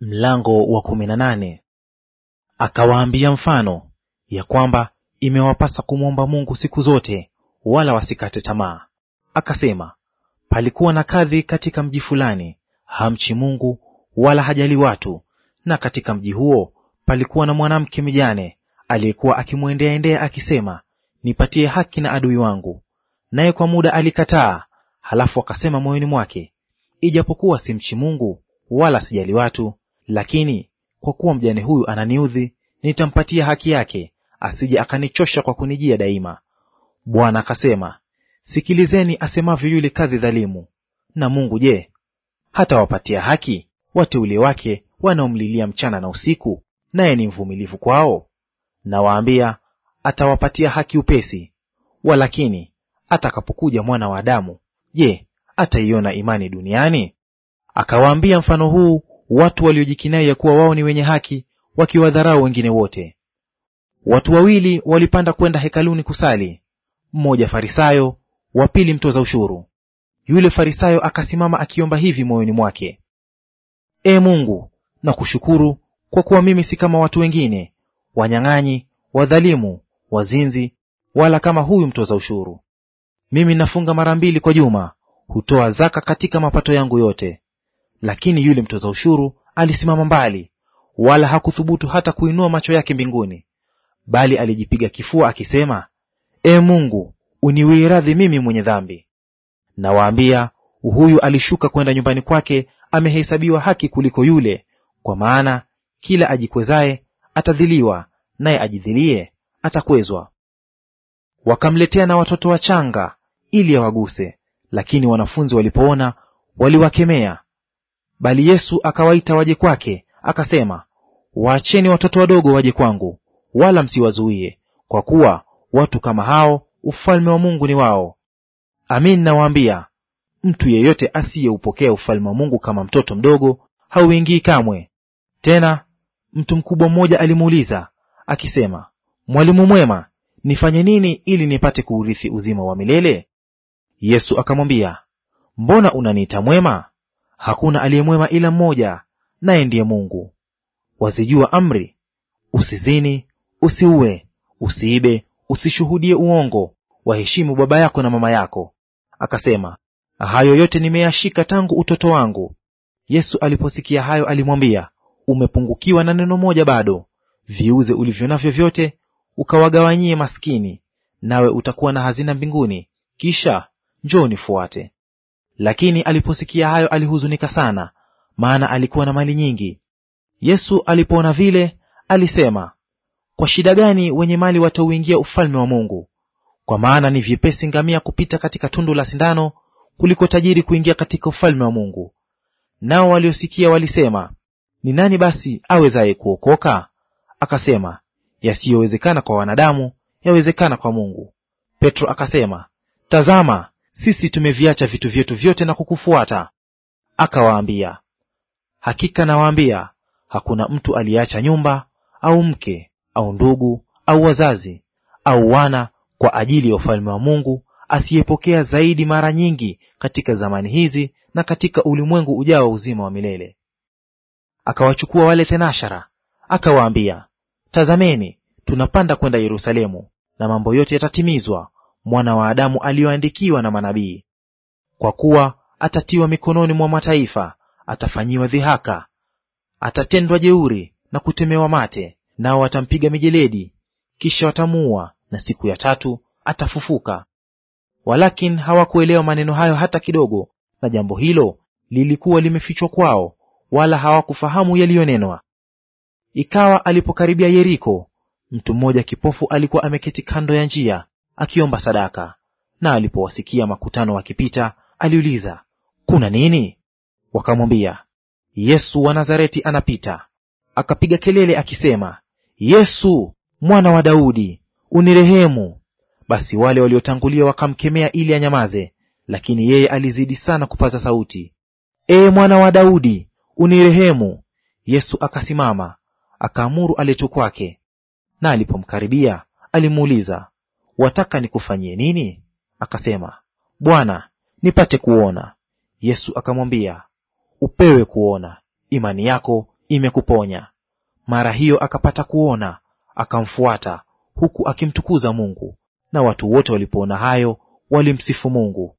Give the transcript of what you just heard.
Mlango wa kumi na nane. Akawaambia mfano ya kwamba imewapasa kumwomba Mungu siku zote, wala wasikate tamaa. Akasema, palikuwa na kadhi katika mji fulani, hamchi Mungu wala hajali watu. Na katika mji huo palikuwa na mwanamke mjane aliyekuwa akimwendeaendea akisema, nipatie haki na adui wangu. Naye kwa muda alikataa, halafu akasema moyoni mwake, ijapokuwa simchi Mungu wala sijali watu lakini kwa kuwa mjane huyu ananiudhi, nitampatia haki yake, asije akanichosha kwa kunijia daima. Bwana akasema, sikilizeni asemavyo yule kadhi dhalimu. Na Mungu je, hatawapatia haki wateule wake wanaomlilia mchana na usiku, naye ni mvumilivu kwao? Nawaambia, atawapatia haki upesi. Walakini atakapokuja mwana wa Adamu, je, ataiona imani duniani? Akawaambia mfano huu watu waliojikinai ya kuwa wao ni wenye haki, wakiwadharau wengine wote. Watu wawili walipanda kwenda hekaluni kusali, mmoja Farisayo, wa pili mtoza ushuru. Yule Farisayo akasimama akiomba hivi moyoni mwake, E Mungu, nakushukuru kwa kuwa mimi si kama watu wengine, wanyang'anyi, wadhalimu, wazinzi, wala kama huyu mtoza ushuru. Mimi nafunga mara mbili kwa juma, hutoa zaka katika mapato yangu yote. Lakini yule mtoza ushuru alisimama mbali, wala hakuthubutu hata kuinua macho yake mbinguni, bali alijipiga kifua akisema, E Mungu, uniwie radhi mimi mwenye dhambi. Nawaambia, huyu alishuka kwenda nyumbani kwake amehesabiwa haki kuliko yule, kwa maana kila ajikwezaye atadhiliwa, naye ajidhilie atakwezwa. Wakamletea na watoto wachanga ili awaguse, lakini wanafunzi walipoona waliwakemea, Bali Yesu akawaita waje kwake, akasema, waacheni watoto wadogo waje kwangu, wala msiwazuie, kwa kuwa watu kama hao ufalme wa Mungu ni wao. Amin nawaambia, mtu yeyote asiyeupokea ufalme wa Mungu kama mtoto mdogo hauingii kamwe. Tena mtu mkubwa mmoja alimuuliza akisema, Mwalimu mwema, nifanye nini ili nipate kuurithi uzima wa milele? Yesu akamwambia, mbona unaniita mwema? Hakuna aliyemwema ila mmoja, naye ndiye Mungu. Wazijua amri: usizini, usiue, usiibe, usishuhudie uongo, waheshimu baba yako na mama yako. Akasema, hayo yote nimeyashika tangu utoto wangu. Yesu aliposikia hayo alimwambia, umepungukiwa na neno moja bado. Viuze ulivyo navyo vyote, ukawagawanyie maskini, nawe utakuwa na hazina mbinguni; kisha njoo nifuate. Lakini aliposikia hayo alihuzunika sana, maana alikuwa na mali nyingi. Yesu alipoona vile, alisema, kwa shida gani wenye mali watauingia ufalme wa Mungu? Kwa maana ni vyepesi ngamia kupita katika tundu la sindano kuliko tajiri kuingia katika ufalme wa Mungu. Nao waliosikia walisema, ni nani basi awezaye kuokoka? Akasema, yasiyowezekana kwa wanadamu yawezekana kwa Mungu. Petro akasema, tazama, sisi tumeviacha vitu vyetu vyote na kukufuata. Akawaambia, hakika nawaambia, hakuna mtu aliyeacha nyumba au mke au ndugu au wazazi au wana kwa ajili ya ufalme wa Mungu asiyepokea zaidi mara nyingi katika zamani hizi na katika ulimwengu ujao wa uzima wa milele. Akawachukua wale thenashara akawaambia, tazameni tunapanda kwenda Yerusalemu, na mambo yote yatatimizwa mwana wa Adamu aliyoandikiwa na manabii. Kwa kuwa atatiwa mikononi mwa mataifa, atafanyiwa dhihaka, atatendwa jeuri na kutemewa mate, nao watampiga mijeledi, kisha watamuua, na siku ya tatu atafufuka. Walakin hawakuelewa maneno hayo hata kidogo, na jambo hilo lilikuwa limefichwa kwao, wala hawakufahamu yaliyonenwa. Ikawa alipokaribia Yeriko, mtu mmoja kipofu alikuwa ameketi kando ya njia, akiomba sadaka. Na alipowasikia makutano wakipita, aliuliza, kuna nini? Wakamwambia, Yesu wa Nazareti anapita. Akapiga kelele akisema, Yesu mwana wa Daudi, unirehemu. Basi wale waliotangulia wakamkemea ili anyamaze, lakini yeye alizidi sana kupaza sauti, Ee mwana wa Daudi, unirehemu. Yesu akasimama, akaamuru aletwe kwake. Na alipomkaribia, alimuuliza, wataka nikufanyie nini? Akasema, Bwana, nipate kuona. Yesu akamwambia, upewe kuona, imani yako imekuponya. Mara hiyo akapata kuona, akamfuata huku akimtukuza Mungu. Na watu wote walipoona hayo walimsifu Mungu.